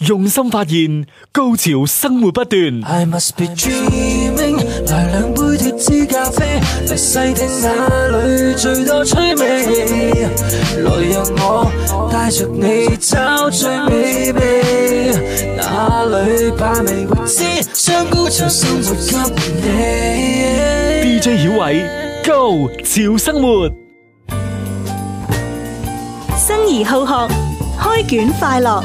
用心發現，高潮生活不斷。I must be dreaming，來兩杯脫脂咖啡，來細聽那裏最多趣味。來讓我帶着你找最美味，哪裏把未知，將高潮生活給你。DJ 小偉，Go 潮生活，生而好學，開卷快樂。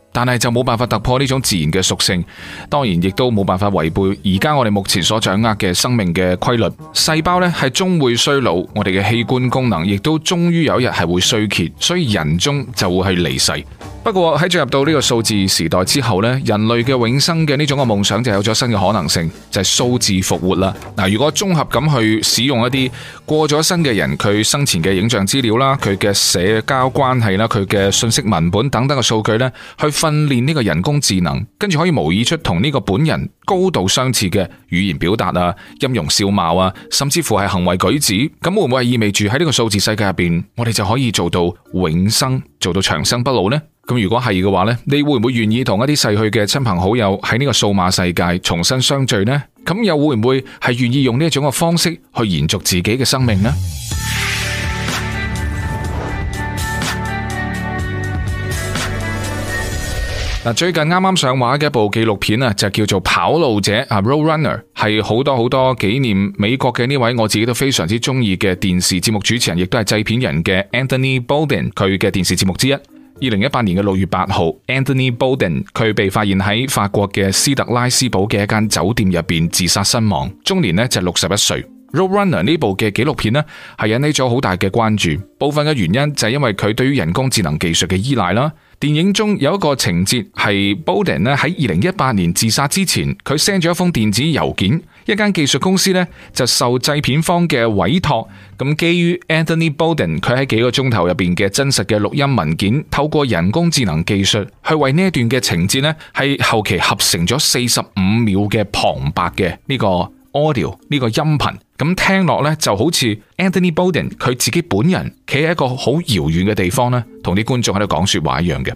但係就冇辦法突破呢種自然嘅屬性，當然亦都冇辦法違背而家我哋目前所掌握嘅生命嘅規律。細胞咧係終會衰老，我哋嘅器官功能亦都終於有一日係會衰竭，所以人終就會係離世。不過喺進入到呢個數字時代之後咧，人類嘅永生嘅呢種嘅夢想就有咗新嘅可能性，就係數字復活啦。嗱，如果綜合咁去使用一啲過咗身嘅人佢生前嘅影像資料啦，佢嘅社交關係啦，佢嘅信息文本等等嘅數據呢，去訓練呢個人工智能，跟住可以模擬出同呢個本人高度相似嘅語言表達啊、音容笑貌啊，甚至乎係行為舉止。咁會唔會係意味住喺呢個數字世界入邊，我哋就可以做到永生，做到長生不老呢？咁如果係嘅話呢，你會唔會願意同一啲逝去嘅親朋好友喺呢個數碼世界重新相聚呢？咁又會唔會係願意用呢一種嘅方式去延續自己嘅生命呢？嗱，最近啱啱上畫嘅一部紀錄片啊，就叫做《跑路者》啊，《Roadrunner》，係好多好多紀念美國嘅呢位我自己都非常之中意嘅電視節目主持人，亦都係製片人嘅 Anthony Bourdain，佢嘅電視節目之一。二零一八年嘅六月八號，Anthony Bourdain，佢被發現喺法國嘅斯特拉斯堡嘅一間酒店入邊自殺身亡，終年呢就六十一歲。《Roadrunner》呢部嘅紀錄片呢，係引起咗好大嘅關注，部分嘅原因就係因為佢對於人工智能技術嘅依賴啦。電影中有一個情節係 Boden 呢，喺二零一八年自殺之前，佢 send 咗一封電子郵件，一間技術公司呢，就受製片方嘅委託，咁基於 Anthony Boden 佢喺幾個鐘頭入邊嘅真實嘅錄音文件，透過人工智能技術去為呢一段嘅情節呢，係後期合成咗四十五秒嘅旁白嘅呢個。audio 呢個音頻，咁聽落咧就好似 Anthony Bowden 佢自己本人企喺一個好遙遠嘅地方咧，同啲觀眾喺度講說話一樣嘅。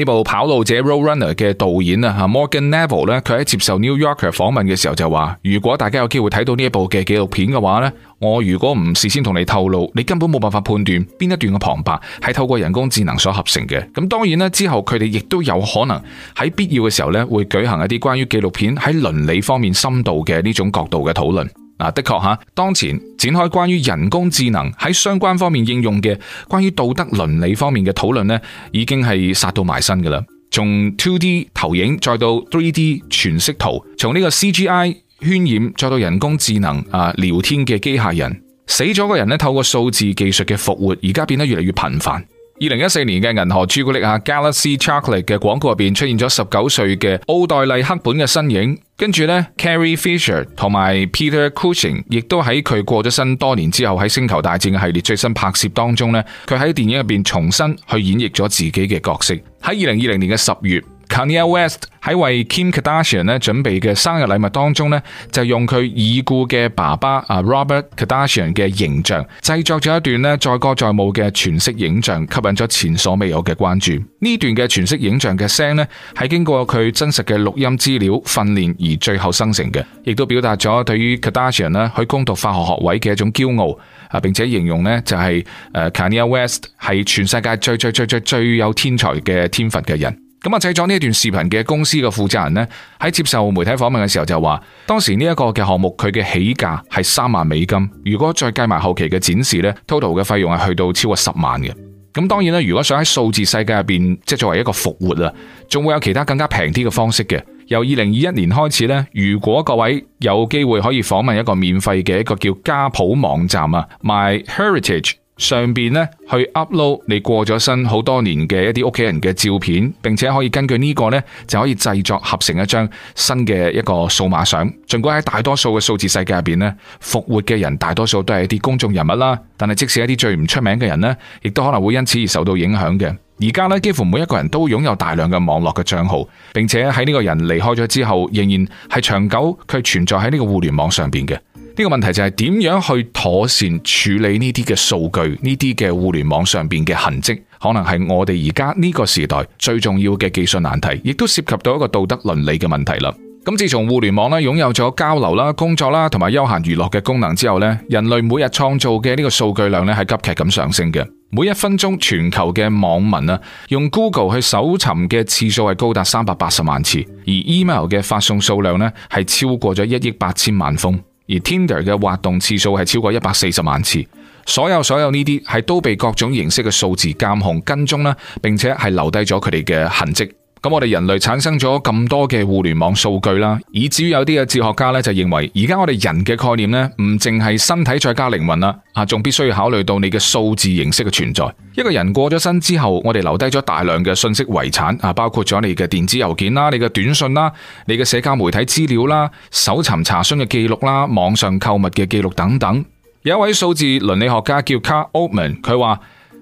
呢部《跑路者》（Road Runner） 嘅導演啊，Morgan Neville 咧，佢喺接受《New Yorker》訪問嘅時候就話：如果大家有機會睇到呢一部嘅紀錄片嘅話呢，我如果唔事先同你透露，你根本冇辦法判斷邊一段嘅旁白係透過人工智能所合成嘅。咁當然啦，之後佢哋亦都有可能喺必要嘅時候咧，會舉行一啲關於紀錄片喺倫理方面深度嘅呢種角度嘅討論。的確吓，當前展開關於人工智能喺相關方面應用嘅，關於道德倫理方面嘅討論呢，已經係殺到埋身㗎喇。從 2D 投影，再到 3D 全息圖，從呢個 CGI 渲染，再到人工智能啊聊天嘅機械人，死咗嘅人呢，透過數字技術嘅復活，而家變得越嚟越頻繁。二零一四年嘅銀河朱古力啊，Galaxy Chocolate 嘅廣告入邊出現咗十九歲嘅奧黛麗赫本嘅身影，跟住呢，Carrie Fisher 同埋 Peter Cushing 亦都喺佢過咗身多年之後喺星球大戰嘅系列最新拍攝當中呢，佢喺電影入邊重新去演繹咗自己嘅角色。喺二零二零年嘅十月。Kanye West 喺為 Kim Kardashian 咧準備嘅生日禮物當中呢，就用佢已故嘅爸爸啊 Robert Kardashian 嘅形象製作咗一段呢載歌載舞嘅全息影像，吸引咗前所未有嘅關注。呢段嘅全息影像嘅聲呢，係經過佢真實嘅錄音資料訓練而最後生成嘅，亦都表達咗對於 Kardashian 咧去攻讀法學學位嘅一種驕傲啊，並且形容呢就係誒 Kanye West 係全世界最最最最最最有天才嘅天分嘅人。咁啊，製作呢一段視頻嘅公司嘅負責人呢，喺接受媒體訪問嘅時候就話，當時呢一個嘅項目佢嘅起價係三萬美金，如果再計埋後期嘅展示呢 total 嘅費用係去到超過十萬嘅。咁當然啦，如果想喺數字世界入邊，即係作為一個復活啊，仲會有其他更加平啲嘅方式嘅。由二零二一年開始呢，如果各位有機會可以訪問一個免費嘅一個叫家譜網站啊，My Heritage。上邊咧去 upload 你過咗身好多年嘅一啲屋企人嘅照片，並且可以根據呢個咧就可以製作合成一張新嘅一個數碼相。盡管喺大多數嘅數字世界入邊咧復活嘅人大多數都係一啲公眾人物啦，但係即使一啲最唔出名嘅人呢，亦都可能會因此而受到影響嘅。而家呢，幾乎每一個人都擁有大量嘅網絡嘅賬號，並且喺呢個人離開咗之後，仍然係長久佢存在喺呢個互聯網上邊嘅。呢個問題就係點樣去妥善處理呢啲嘅數據，呢啲嘅互聯網上邊嘅痕跡，可能係我哋而家呢個時代最重要嘅技術難題，亦都涉及到一個道德倫理嘅問題啦。咁自從互聯網呢擁有咗交流啦、工作啦同埋休閒娛樂嘅功能之後呢，人類每日創造嘅呢個數據量呢係急劇咁上升嘅。每一分鐘，全球嘅網民啊，用 Google 去搜尋嘅次數係高達三百八十萬次，而 email 嘅發送數量呢，係超過咗一億八千萬封。而 Tinder 嘅滑動次數係超過一百四十萬次，所有所有呢啲係都被各種形式嘅數字監控跟蹤啦，並且係留低咗佢哋嘅痕跡。咁我哋人類產生咗咁多嘅互聯網數據啦，以至於有啲嘅哲學家咧就認為，而家我哋人嘅概念呢，唔淨係身體再加靈魂啦，啊，仲必須要考慮到你嘅數字形式嘅存在。一個人過咗身之後，我哋留低咗大量嘅信息遺產啊，包括咗你嘅電子郵件啦、你嘅短信啦、你嘅社交媒體資料啦、搜尋查詢嘅記錄啦、網上購物嘅記錄等等。有一位數字倫理學家叫卡奧文，佢話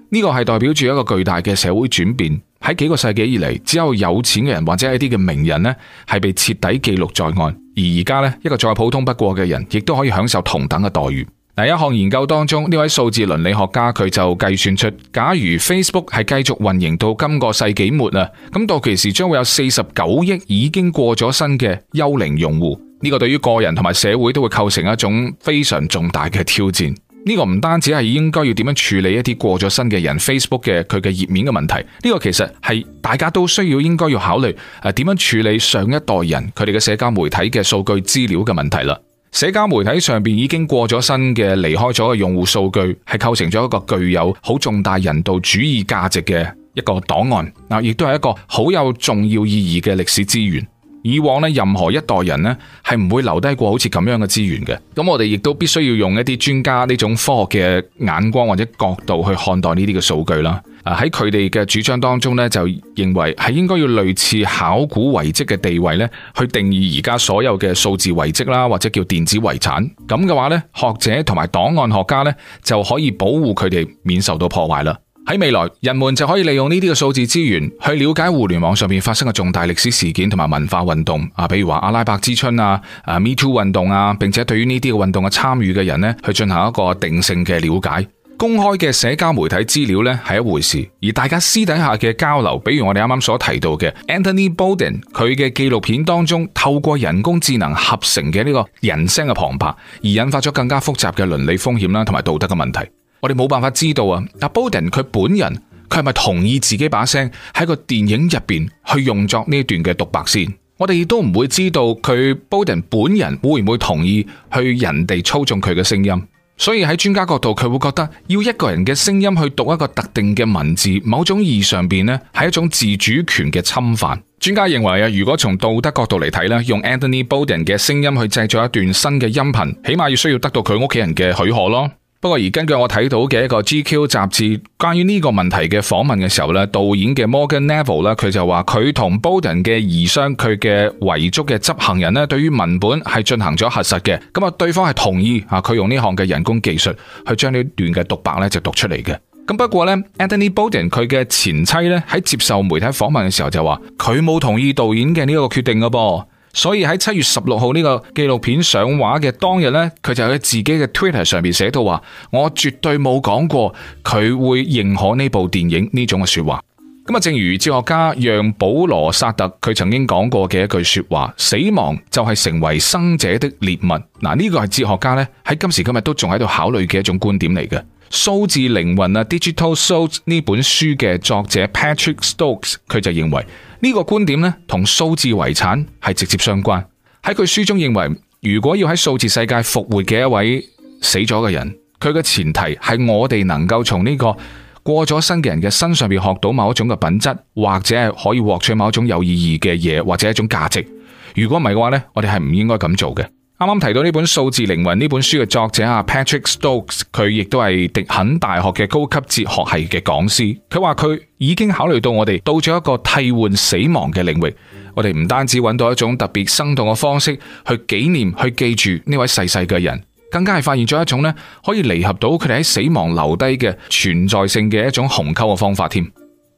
呢個係代表住一個巨大嘅社會轉變。喺幾個世紀以嚟，只有有錢嘅人或者一啲嘅名人呢，係被徹底記錄在案。而而家呢，一個再普通不過嘅人，亦都可以享受同等嘅待遇。第一項研究當中，呢位數字倫理學家佢就計算出，假如 Facebook 係繼續運營到今個世紀末啊，咁到期時將會有四十九億已經過咗身嘅幽靈用戶。呢個對於個人同埋社會都會構成一種非常重大嘅挑戰。呢個唔單止係應該要點樣處理一啲過咗身嘅人 Facebook 嘅佢嘅頁面嘅問題，呢個其實係大家都需要應該要考慮誒點樣處理上一代人佢哋嘅社交媒體嘅數據資料嘅問題啦。社交媒體上邊已經過咗身嘅離開咗嘅用戶數據，係構成咗一個具有好重大人道主義價值嘅一個檔案，啊，亦都係一個好有重要意義嘅歷史資源。以往咧，任何一代人咧，係唔會留低過好似咁樣嘅資源嘅。咁我哋亦都必須要用一啲專家呢種科學嘅眼光或者角度去看待呢啲嘅數據啦。喺佢哋嘅主張當中呢，就認為係應該要類似考古遺跡嘅地位呢，去定義而家所有嘅數字遺跡啦，或者叫電子遺產。咁嘅話呢，學者同埋檔案學家呢，就可以保護佢哋免受到破壞啦。喺未來，人們就可以利用呢啲嘅數字資源去了解互聯網上面發生嘅重大歷史事件同埋文化運動啊，比如話阿拉伯之春啊、啊 Me Too 運動啊，並且對於呢啲嘅運動嘅參與嘅人咧，去進行一個定性嘅了解。公開嘅社交媒體資料咧係一回事，而大家私底下嘅交流，比如我哋啱啱所提到嘅 Anthony Bourdain，佢嘅紀錄片當中透過人工智能合成嘅呢個人聲嘅旁白，而引發咗更加複雜嘅倫理風險啦，同埋道德嘅問題。我哋冇辦法知道啊！阿 Boden 佢本人，佢係咪同意自己把聲喺個電影入邊去用作呢段嘅獨白先？我哋亦都唔會知道佢 Boden 本人會唔會同意去人哋操縱佢嘅聲音。所以喺專家角度，佢會覺得要一個人嘅聲音去讀一個特定嘅文字，某種意義上邊呢係一種自主權嘅侵犯。專家認為啊，如果從道德角度嚟睇咧，用 Anthony Boden 嘅聲音去製造一段新嘅音頻，起碼要需要得到佢屋企人嘅許可咯。不過而根據我睇到嘅一個 GQ 雜誌關於呢個問題嘅訪問嘅時候咧，導演嘅 Morgan Neville 咧，佢就話佢同 Boden 嘅遺孀、佢嘅遺囑嘅執行人咧，對於文本係進行咗核實嘅，咁啊對方係同意啊佢用呢項嘅人工技術去將呢段嘅獨白咧就讀出嚟嘅。咁不過咧，Anthony Boden 佢嘅前妻咧喺接受媒體訪問嘅時候就話，佢冇同意導演嘅呢一個決定嘅噃。所以喺七月十六號呢個紀錄片上畫嘅當日呢，佢就喺自己嘅 Twitter 上面寫到話：「我絕對冇講過佢會認可呢部電影呢種嘅說話。」咁啊，正如哲學家讓保羅薩特佢曾經講過嘅一句說話：「死亡就係成為生者的獵物。」嗱，呢個係哲學家呢喺今時今日都仲喺度考慮嘅一種觀點嚟嘅。數字靈魂啊《數字靈魂啊 Digital Souls》呢本書嘅作者 Patrick Stokes，佢就認為。呢個觀點咧，同數字遺產係直接相關。喺佢書中認為，如果要喺數字世界復活嘅一位死咗嘅人，佢嘅前提係我哋能夠從呢個過咗身嘅人嘅身上邊學到某一種嘅品質，或者係可以獲取某一種有意義嘅嘢，或者一種價值。如果唔係嘅話咧，我哋係唔應該咁做嘅。啱啱提到呢本《數字靈魂》呢本書嘅作者阿 Patrick Stokes，佢亦都係迪肯大學嘅高級哲學系嘅講師。佢話佢已經考慮到我哋到咗一個替換死亡嘅領域，我哋唔單止揾到一種特別生動嘅方式去紀念、去記住呢位逝世嘅人，更加係發現咗一種呢可以彌合到佢哋喺死亡留低嘅存在性嘅一種鴻溝嘅方法添。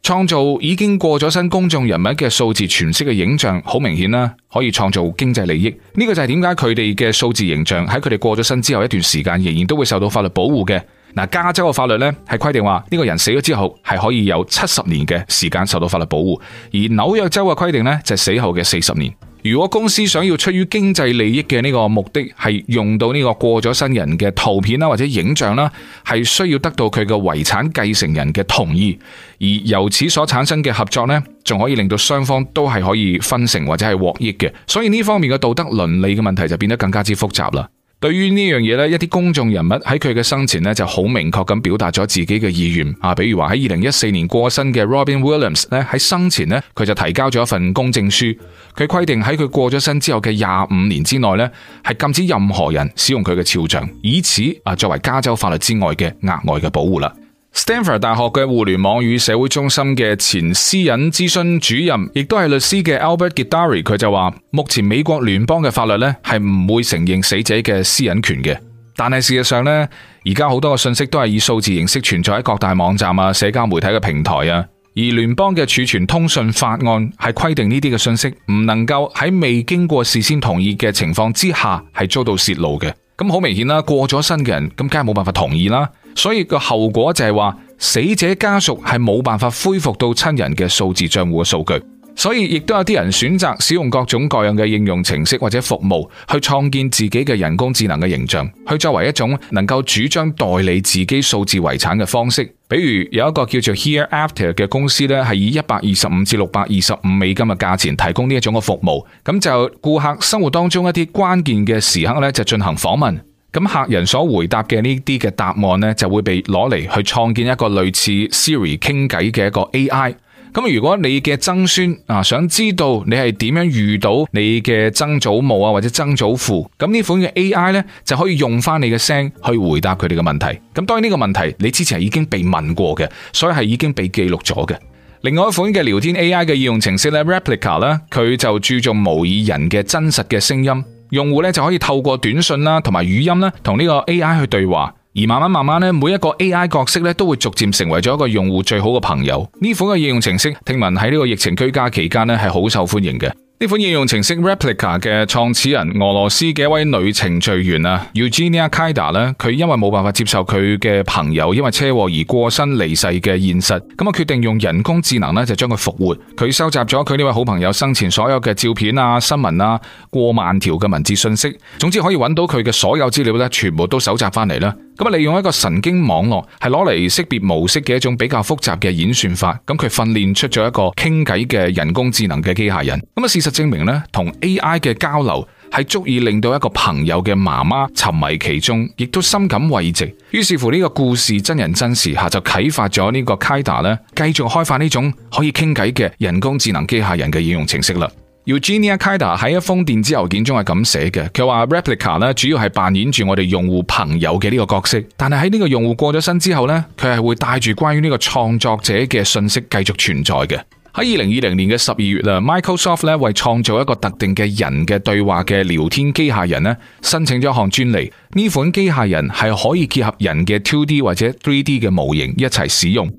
創造已經過咗身公眾人物嘅數字全息嘅影像，好明顯啦，可以創造經濟利益。呢個就係點解佢哋嘅數字形象喺佢哋過咗身之後一段時間，仍然都會受到法律保護嘅。嗱，加州嘅法律呢係規定話，呢個人死咗之後係可以有七十年嘅時間受到法律保護，而紐約州嘅規定呢就係死後嘅四十年。如果公司想要出於經濟利益嘅呢個目的，係用到呢個過咗身人嘅圖片啦或者影像啦，係需要得到佢嘅遺產繼承人嘅同意，而由此所產生嘅合作呢，仲可以令到雙方都係可以分成或者係獲益嘅，所以呢方面嘅道德倫理嘅問題就變得更加之複雜啦。對於呢樣嘢咧，一啲公眾人物喺佢嘅生前咧就好明確咁表達咗自己嘅意願啊，比如話喺二零一四年過身嘅 Robin Williams 咧，喺生前咧佢就提交咗一份公證書，佢規定喺佢過咗身之後嘅廿五年之內咧，係禁止任何人使用佢嘅肖像，以此啊作為加州法律之外嘅額外嘅保護啦。Stanford 大學嘅互聯網與社會中心嘅前私隱諮詢主任，亦都係律師嘅 Albert Gidari，佢就話：目前美國聯邦嘅法律咧係唔會承認死者嘅私隱權嘅。但係事實上呢，而家好多嘅信息，都係以數字形式存在喺各大網站啊、社交媒體嘅平台啊。而聯邦嘅儲存通訊法案係規定呢啲嘅信息唔能夠喺未經過事先同意嘅情況之下係遭到洩露嘅。咁好明顯啦，過咗身嘅人，咁梗係冇辦法同意啦。所以個後果就係話，死者家屬係冇辦法恢復到親人嘅數字賬戶嘅數據。所以亦都有啲人選擇使用各種各樣嘅應用程式或者服務，去創建自己嘅人工智能嘅形象，去作為一種能夠主張代理自己數字遺產嘅方式。比如有一個叫做 Hereafter 嘅公司咧，係以一百二十五至六百二十五美金嘅價錢提供呢一種嘅服務。咁就顧客生活當中一啲關鍵嘅時刻咧，就進行訪問。咁客人所回答嘅呢啲嘅答案呢，就會被攞嚟，去創建一個類似 Siri 傾偈嘅一個 AI。咁如果你嘅曾孫啊，想知道你係點樣遇到你嘅曾祖母啊或者曾祖父，咁呢款嘅 AI 呢，就可以用翻你嘅聲去回答佢哋嘅問題。咁當然呢個問題你之前係已經被問過嘅，所以係已經被記錄咗嘅。另外一款嘅聊天 AI 嘅應用程式呢，Replica 呢，佢就注重模擬人嘅真實嘅聲音。用戶咧就可以透過短信啦，同埋語音咧，同呢個 AI 去對話，而慢慢慢慢咧，每一個 AI 角色咧都會逐漸成為咗一個用戶最好嘅朋友。呢款嘅應用程式聽聞喺呢個疫情居家期間咧係好受歡迎嘅。呢款應用程式 Replica 嘅創始人俄羅斯嘅一位女程序員啊 Eugenia Kaida a 呢，佢因為冇辦法接受佢嘅朋友因為車禍而過身離世嘅現實，咁啊決定用人工智能呢，就將佢復活。佢收集咗佢呢位好朋友生前所有嘅照片啊、新聞啊、過萬條嘅文字信息，總之可以揾到佢嘅所有資料呢，全部都搜集翻嚟啦。咁啊，利用一個神經網絡係攞嚟識別模式嘅一種比較複雜嘅演算法，咁佢訓練出咗一個傾偈嘅人工智能嘅機械人。咁啊，事實證明咧，同 AI 嘅交流係足以令到一個朋友嘅媽媽沉迷其中，亦都深感慰藉。於是乎呢個故事真人真事吓就啟發咗呢個 Kida 咧，繼續開發呢種可以傾偈嘅人工智能機械人嘅應用程式啦。Eugenia Kaida 喺一封電子郵件中係咁寫嘅，佢話 replica 咧主要係扮演住我哋用戶朋友嘅呢個角色，但係喺呢個用戶過咗身之後呢，佢係會帶住關於呢個創作者嘅信息繼續存在嘅。喺二零二零年嘅十二月啦，Microsoft 咧為創造一個特定嘅人嘅對話嘅聊天機械人咧，申請咗一項專利。呢款機械人係可以結合人嘅 two D 或者 three D 嘅模型一齊使用。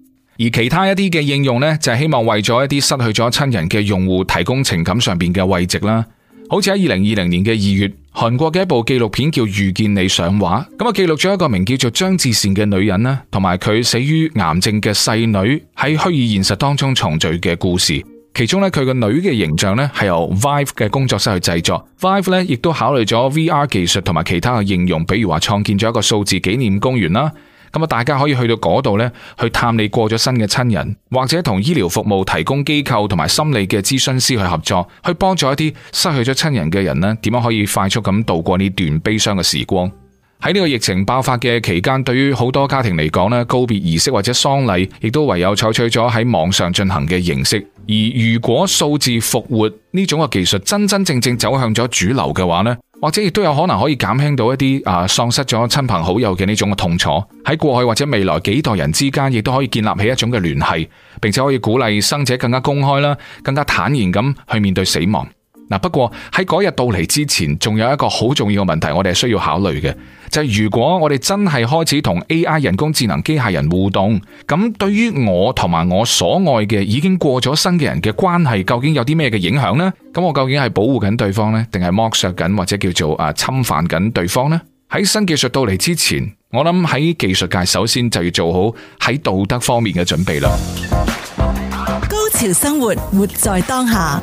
而其他一啲嘅應用呢，就係、是、希望為咗一啲失去咗親人嘅用戶提供情感上邊嘅慰藉啦。好似喺二零二零年嘅二月，韓國嘅一部紀錄片叫《遇見你》上畫，咁啊、嗯、記錄咗一個名叫做張志善嘅女人啦，同埋佢死於癌症嘅細女喺虛擬現實當中重聚嘅故事。其中呢，佢個女嘅形象呢係由 Vive 嘅工作室去製作，Vive 呢亦都考慮咗 VR 技術同埋其他嘅應用，比如話創建咗一個數字紀念公園啦。咁啊，大家可以去到嗰度咧，去探你過咗身嘅親人，或者同醫療服務提供機構同埋心理嘅諮詢師去合作，去幫助一啲失去咗親人嘅人咧，點樣可以快速咁度過呢段悲傷嘅時光。喺呢個疫情爆發嘅期間，對於好多家庭嚟講呢，告別儀式或者喪禮，亦都唯有採取咗喺網上進行嘅形式。而如果數字復活呢種嘅技術真真正正走向咗主流嘅話呢，或者亦都有可能可以減輕到一啲啊喪失咗親朋好友嘅呢種嘅痛楚。喺過去或者未來幾代人之間，亦都可以建立起一種嘅聯繫，並且可以鼓勵生者更加公開啦，更加坦然咁去面對死亡。嗱，不過喺嗰日到嚟之前，仲有一個好重要嘅問題，我哋係需要考慮嘅，就係如果我哋真係開始同 AI 人工智能機械人互動，咁對於我同埋我所愛嘅已經過咗身嘅人嘅關係，究竟有啲咩嘅影響呢？咁我究竟係保護緊對方呢，定係剝削緊或者叫做啊侵犯緊對方呢？喺新技術到嚟之前，我諗喺技術界首先就要做好喺道德方面嘅準備啦。高潮生活，活在當下。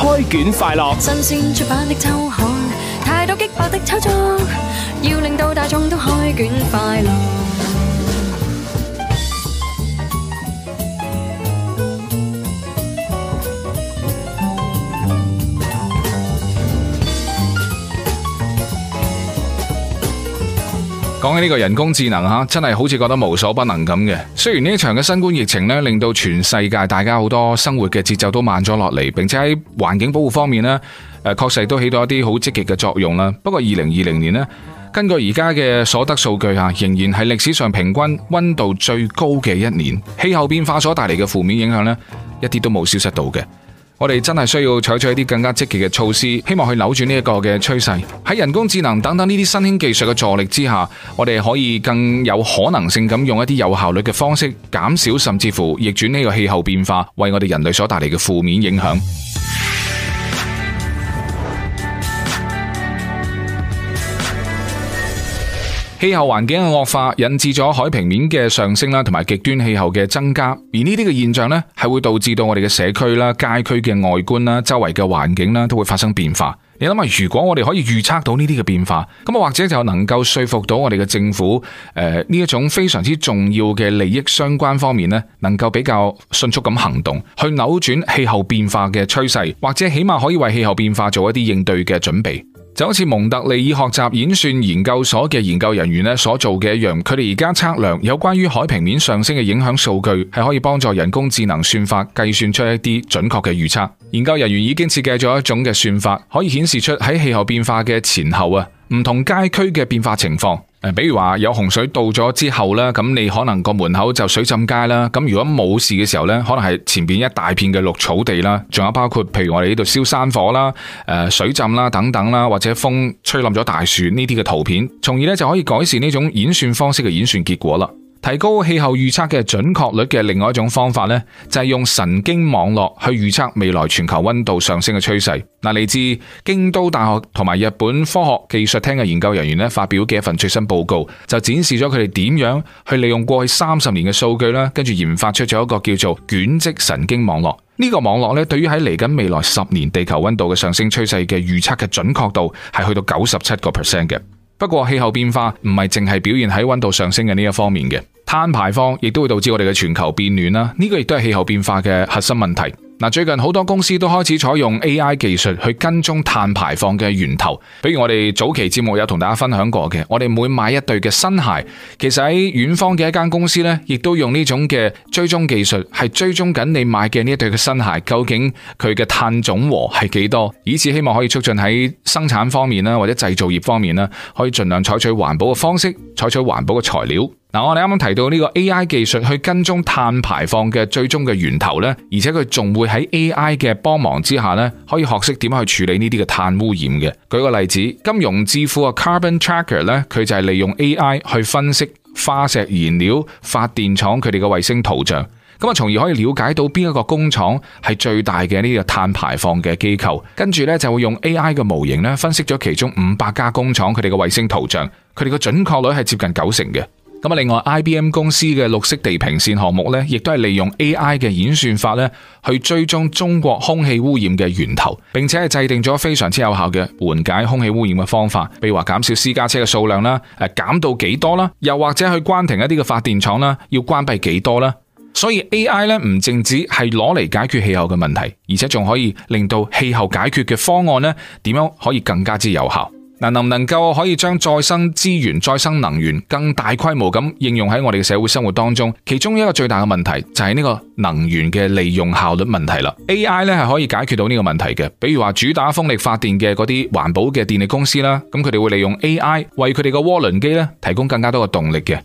開卷快樂！新鮮出版的周刊，太多激爆的秋裝，要令到大眾都開卷快樂。講起呢個人工智能吓，真係好似覺得無所不能咁嘅。雖然呢場嘅新冠疫情咧，令到全世界大家好多生活嘅節奏都慢咗落嚟，並且喺環境保護方面咧，誒確實都起到一啲好積極嘅作用啦。不過二零二零年咧，根據而家嘅所得數據吓，仍然係歷史上平均溫度最高嘅一年。氣候變化所帶嚟嘅負面影響咧，一啲都冇消失到嘅。我哋真係需要採取一啲更加積極嘅措施，希望去扭轉呢一個嘅趨勢。喺人工智能等等呢啲新興技術嘅助力之下，我哋可以更有可能性咁用一啲有效率嘅方式，減少甚至乎逆轉呢個氣候變化，為我哋人類所帶嚟嘅負面影響。氣候環境嘅惡化引致咗海平面嘅上升啦，同埋極端氣候嘅增加，而呢啲嘅現象呢，係會導致到我哋嘅社區啦、街區嘅外觀啦、周圍嘅環境啦都會發生變化。你諗下，如果我哋可以預測到呢啲嘅變化，咁啊或者就能夠說服到我哋嘅政府，誒呢一種非常之重要嘅利益相關方面呢，能夠比較迅速咁行動去扭轉氣候變化嘅趨勢，或者起碼可以為氣候變化做一啲應對嘅準備。就好似蒙特利爾學習演算研究所嘅研究人員所做嘅一樣，佢哋而家測量有關於海平面上升嘅影響數據，係可以幫助人工智能算法計算出一啲準確嘅預測。研究人員已經設計咗一種嘅算法，可以顯示出喺氣候變化嘅前後啊，唔同街區嘅變化情況。誒，比如話有洪水到咗之後咧，咁你可能個門口就水浸街啦。咁如果冇事嘅時候咧，可能係前面一大片嘅綠草地啦。仲有包括譬如我哋呢度燒山火啦、誒水浸啦等等啦，或者風吹冧咗大樹呢啲嘅圖片，從而咧就可以改善呢種演算方式嘅演算結果啦。提高氣候預測嘅準確率嘅另外一種方法呢，就係用神經網絡去預測未來全球溫度上升嘅趨勢。嗱，嚟自京都大學同埋日本科學技術廳嘅研究人員咧，發表嘅一份最新報告，就展示咗佢哋點樣去利用過去三十年嘅數據啦，跟住研發出咗一個叫做卷積神經網絡。呢個網絡咧，對於喺嚟緊未來十年地球溫度嘅上升趨勢嘅預測嘅準確度係去到九十七個 percent 嘅。不過氣候變化唔係淨係表現喺溫度上升嘅呢一方面嘅，碳排放亦都會導致我哋嘅全球變暖啦。呢、這個亦都係氣候變化嘅核心問題。嗱，最近好多公司都開始採用 AI 技術去跟蹤碳排放嘅源頭，比如我哋早期節目有同大家分享過嘅，我哋每買一對嘅新鞋，其實喺遠方嘅一間公司咧，亦都用呢種嘅追蹤技術，係追蹤緊你買嘅呢一對嘅新鞋，究竟佢嘅碳總和係幾多，以此希望可以促進喺生產方面啦，或者製造業方面啦，可以盡量採取環保嘅方式，採取環保嘅材料。嗱，我哋啱啱提到呢個 A I 技術去跟蹤碳排放嘅最終嘅源頭咧，而且佢仲會喺 A I 嘅幫忙之下咧，可以學識點去處理呢啲嘅碳污染嘅。舉個例子，金融智庫嘅 Carbon Tracker 咧，佢就係利用 A I 去分析化石燃料發電廠佢哋嘅衛星圖像，咁啊，從而可以了解到邊一個工廠係最大嘅呢個碳排放嘅機構，跟住呢，就會用 A I 嘅模型咧分析咗其中五百家工廠佢哋嘅衛星圖像，佢哋個準確率係接近九成嘅。咁啊，另外，IBM 公司嘅綠色地平線項目咧，亦都係利用 AI 嘅演算法咧，去追蹤中國空氣污染嘅源頭，並且係制定咗非常之有效嘅緩解空氣污染嘅方法，比如話減少私家車嘅數量啦，誒減到幾多啦，又或者去關停一啲嘅發電廠啦，要關閉幾多啦。所以 AI 咧唔淨止係攞嚟解決氣候嘅問題，而且仲可以令到氣候解決嘅方案咧，點樣可以更加之有效。能唔能夠可以將再生資源、再生能源更大規模咁應用喺我哋嘅社會生活當中？其中一個最大嘅問題就係呢個能源嘅利用效率問題啦。AI 呢係可以解決到呢個問題嘅，比如話主打風力發電嘅嗰啲環保嘅電力公司啦，咁佢哋會利用 AI 為佢哋個渦輪機咧提供更加多嘅動力嘅。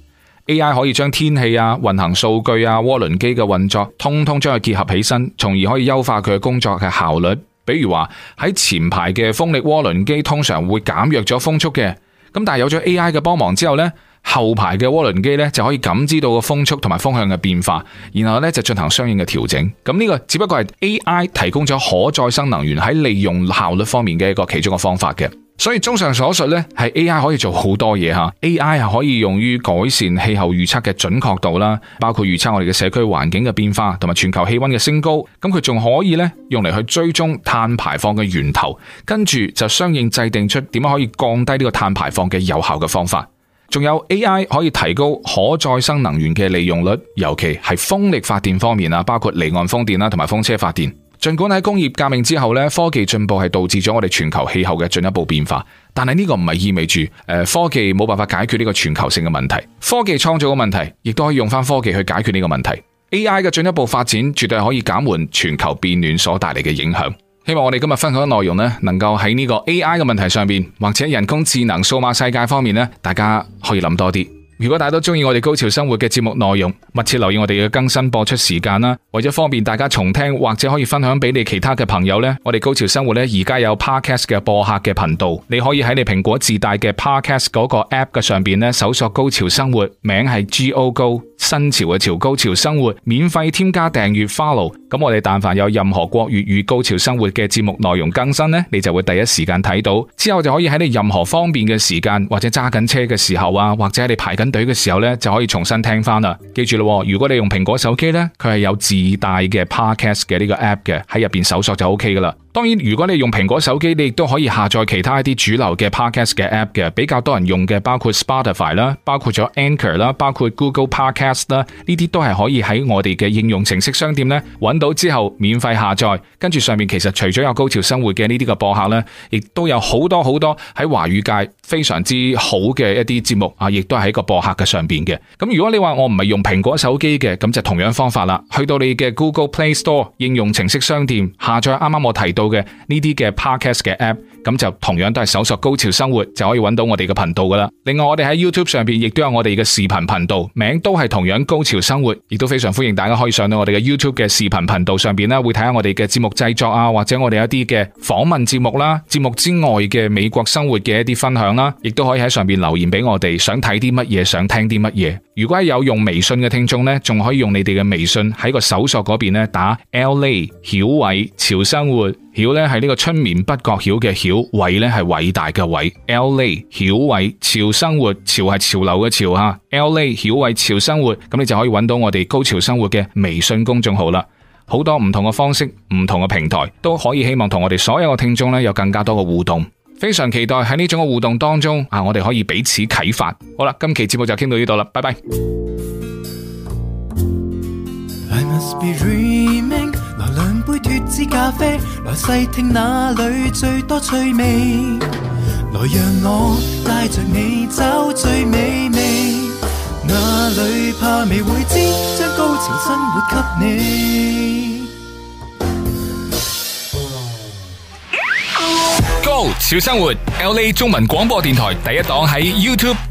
AI 可以將天氣啊、運行數據啊、渦輪機嘅運作，通通將佢結合起身，從而可以優化佢嘅工作嘅效率。比如話喺前排嘅風力渦輪機通常會減弱咗風速嘅，咁但係有咗 AI 嘅幫忙之後，呢後排嘅渦輪機呢就可以感知到個風速同埋風向嘅變化，然後呢就進行相應嘅調整。咁呢個只不過係 AI 提供咗可再生能源喺利用效率方面嘅一個其中嘅方法嘅。所以綜上所述呢，係 A I 可以做好多嘢吓，A I 係可以用於改善氣候預測嘅準確度啦，包括預測我哋嘅社區環境嘅變化同埋全球氣溫嘅升高。咁佢仲可以呢用嚟去追蹤碳排放嘅源頭，跟住就相應制定出點樣可以降低呢個碳排放嘅有效嘅方法。仲有，A I 可以提高可再生能源嘅利用率，尤其係風力發電方面啊，包括離岸風電啦同埋風車發電。儘管喺工業革命之後咧，科技進步係導致咗我哋全球氣候嘅進一步變化，但係呢個唔係意味住誒科技冇辦法解決呢個全球性嘅問題。科技創造嘅問題，亦都可以用翻科技去解決呢個問題。AI 嘅進一步發展，絕對可以減緩全球變暖所帶嚟嘅影響。希望我哋今日分享嘅內容咧，能夠喺呢個 AI 嘅問題上面，或者人工智能、數碼世界方面咧，大家可以諗多啲。如果大家都中意我哋高潮生活嘅節目內容，密切留意我哋嘅更新播出時間啦。為咗方便大家重聽或者可以分享俾你其他嘅朋友咧，我哋高潮生活咧而家有 podcast 嘅播客嘅頻道，你可以喺你蘋果自帶嘅 podcast 嗰個 app 嘅上邊咧搜索高潮生活，名係 G O 高新潮嘅潮，高潮生活，免費添加訂閱 follow。咁我哋但凡有任何國粵語高潮生活嘅節目內容更新呢，你就會第一時間睇到，之後就可以喺你任何方便嘅時間，或者揸緊車嘅時候啊，或者喺你排緊隊嘅時候呢，就可以重新聽翻啦。記住咯，如果你用蘋果手機呢，佢係有自帶嘅 Podcast 嘅呢個 app 嘅，喺入邊搜索就 OK 噶啦。當然，如果你用蘋果手機，你亦都可以下載其他一啲主流嘅 podcast 嘅 app 嘅，比較多人用嘅包括 Spotify 啦，包括咗 Anchor 啦，包括 Google Podcast 啦，呢啲都係可以喺我哋嘅應用程式商店咧揾到之後免費下載。跟住上面其實除咗有高潮生活嘅呢啲嘅播客呢，亦都有好多好多喺華語界非常之好嘅一啲節目啊，亦都係喺個播客嘅上邊嘅。咁如果你話我唔係用蘋果手機嘅，咁就同樣方法啦，去到你嘅 Google Play Store 應用程式商店下載啱啱我提到嘅呢啲嘅 podcast 嘅 app，咁就同樣都係搜索高潮生活就可以揾到我哋嘅頻道噶啦。另外我哋喺 YouTube 上邊亦都有我哋嘅視頻頻道，名都係同樣高潮生活，亦都非常歡迎大家可以上到我哋嘅 YouTube 嘅視頻頻道上邊啦，會睇下我哋嘅節目製作啊，或者我哋一啲嘅訪問節目啦，節目之外嘅美國生活嘅一啲分享啦，亦都可以喺上邊留言俾我哋，想睇啲乜嘢，想聽啲乜嘢。如果有用微信嘅聽眾呢，仲可以用你哋嘅微信喺個搜索嗰邊呢打 Lay 曉偉潮生活。曉呢係呢個春眠不覺曉嘅曉，偉呢係偉大嘅偉。L A. 曉偉潮生活，潮係潮流嘅潮啊。L A. 曉偉潮生活，咁你就可以搵到我哋高潮生活嘅微信公眾號啦。好多唔同嘅方式，唔同嘅平台都可以，希望同我哋所有嘅聽眾呢有更加多嘅互動。非常期待喺呢種嘅互動當中啊，我哋可以彼此啟發。好啦，今期節目就傾到呢度啦，拜拜。支咖啡，來細聽哪裏最多趣味，來讓我帶着你找最美味，哪裏怕未會知，將高潮生活給你。Go，小生活，L A 中文廣播電台第一檔喺 YouTube。